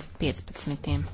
2015.